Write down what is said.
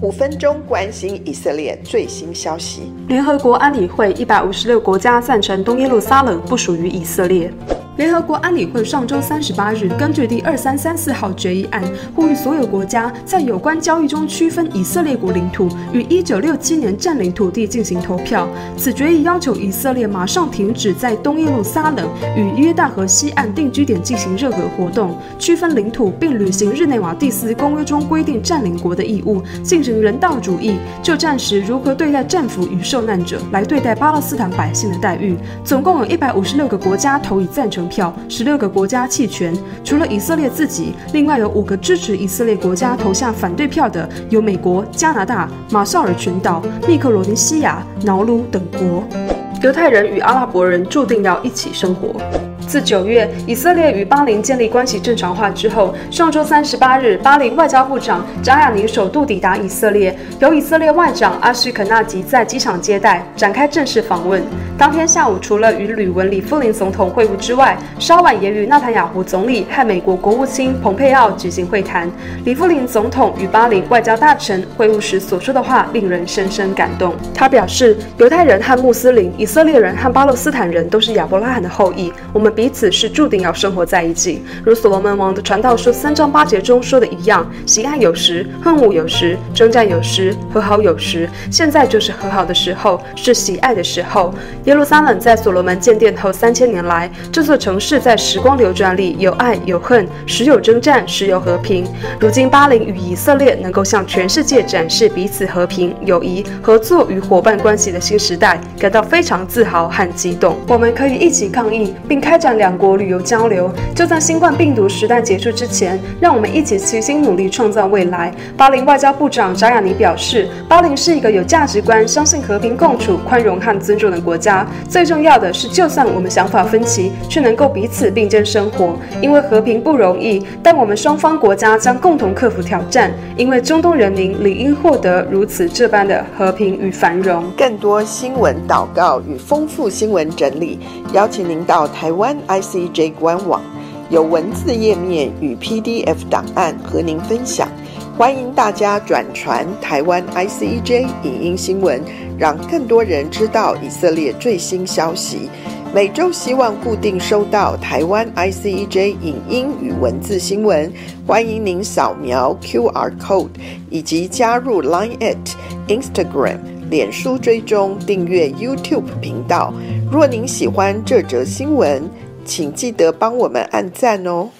五分鐘關心以色列最新消息。聯合國安理會一百五十六國家贊成東耶路撒冷不屬於以色列。聯合國安理會上周三十八日，根據第二三三四號決議案，呼籲所有國家在有關交易中區分以色列國領土與一九六七年占領土地進行投票。此決議要求以色列馬上停止在東耶路撒冷與約旦河西岸定居點進行任何活動，區分領土並履行日內瓦第四公約中規定占領國的義務，進行人道主義。就戰時如何對待戰俘與受難者來對待巴勒斯坦百姓的待遇，總共有一百五十六個國家投以贊成票，十六個國家棄權，除了以色列自己，另外有五個支持以色列國家投下反對票的，有美國、加拿大、馬紹爾群島、密克羅尼西亞、瑙魯等國。猶太人與阿拉伯人注定要一起生活。自九月以色列與巴林建立關係正常化之後，上週三十八日，巴林外交部長扎亞尼首度抵達以色列，由以色列外長阿胥肯納吉在機場接待，展開正式訪問。當天下午，除了與魯文．里夫林總統會晤之外，稍晚也與納坦雅胡總理和美國國務卿蓬佩奧舉行會談。里夫林總統與巴林外交大臣會晤時所說的話令人深深感動。他表示：“猶太人和穆斯林，以色列人和巴勒斯坦人都是亞伯拉罕的後裔，我們彼此是注定要生活在一起。如所羅門王的傳道書三章八節中說的一樣，喜愛有時，恨惡有時，爭戰有時，和好有時。現在就是和好的時候，是喜愛的時候。”耶路撒冷在所羅門建殿後三千年來，這座城市在時光流轉裡有愛有恨，時有征戰，時有和平。如今巴林與以色列能夠向全世界展示彼此和平、友誼、合作與夥伴關係的新時代，感到非常自豪和激動。我們可以一起抗疫，並開展兩國旅遊交流。就在新冠病毒時代結束之前，讓我們一起齊心努力創造未來。巴林外交部長扎亞尼表示：“巴林是一個有價值觀、相信和平共處、寬容和尊重的國家。”最重要的是，就算我們想法分歧，卻能夠彼此並肩生活。因為和平不容易，但我們雙方國家將共同克服挑戰。因為中東人民理應獲得如此這般的和平與繁榮。更多新聞禱告與豐富新聞整理，邀請您到台灣 ICEJ 官網，有文字頁面與 PDF 檔案和您分享。歡迎大家轉傳台灣 ICEJ 影音新聞，讓更多人知道以色列最新消息。每周希望固定收到台灣 ICEJ 影音與文字新聞。歡迎您掃描 QR Code，以及加入 LINE@、Instagram、臉書追蹤、訂閱 YouTube 頻道。若您喜歡這則新聞，請記得幫我們按讚哦。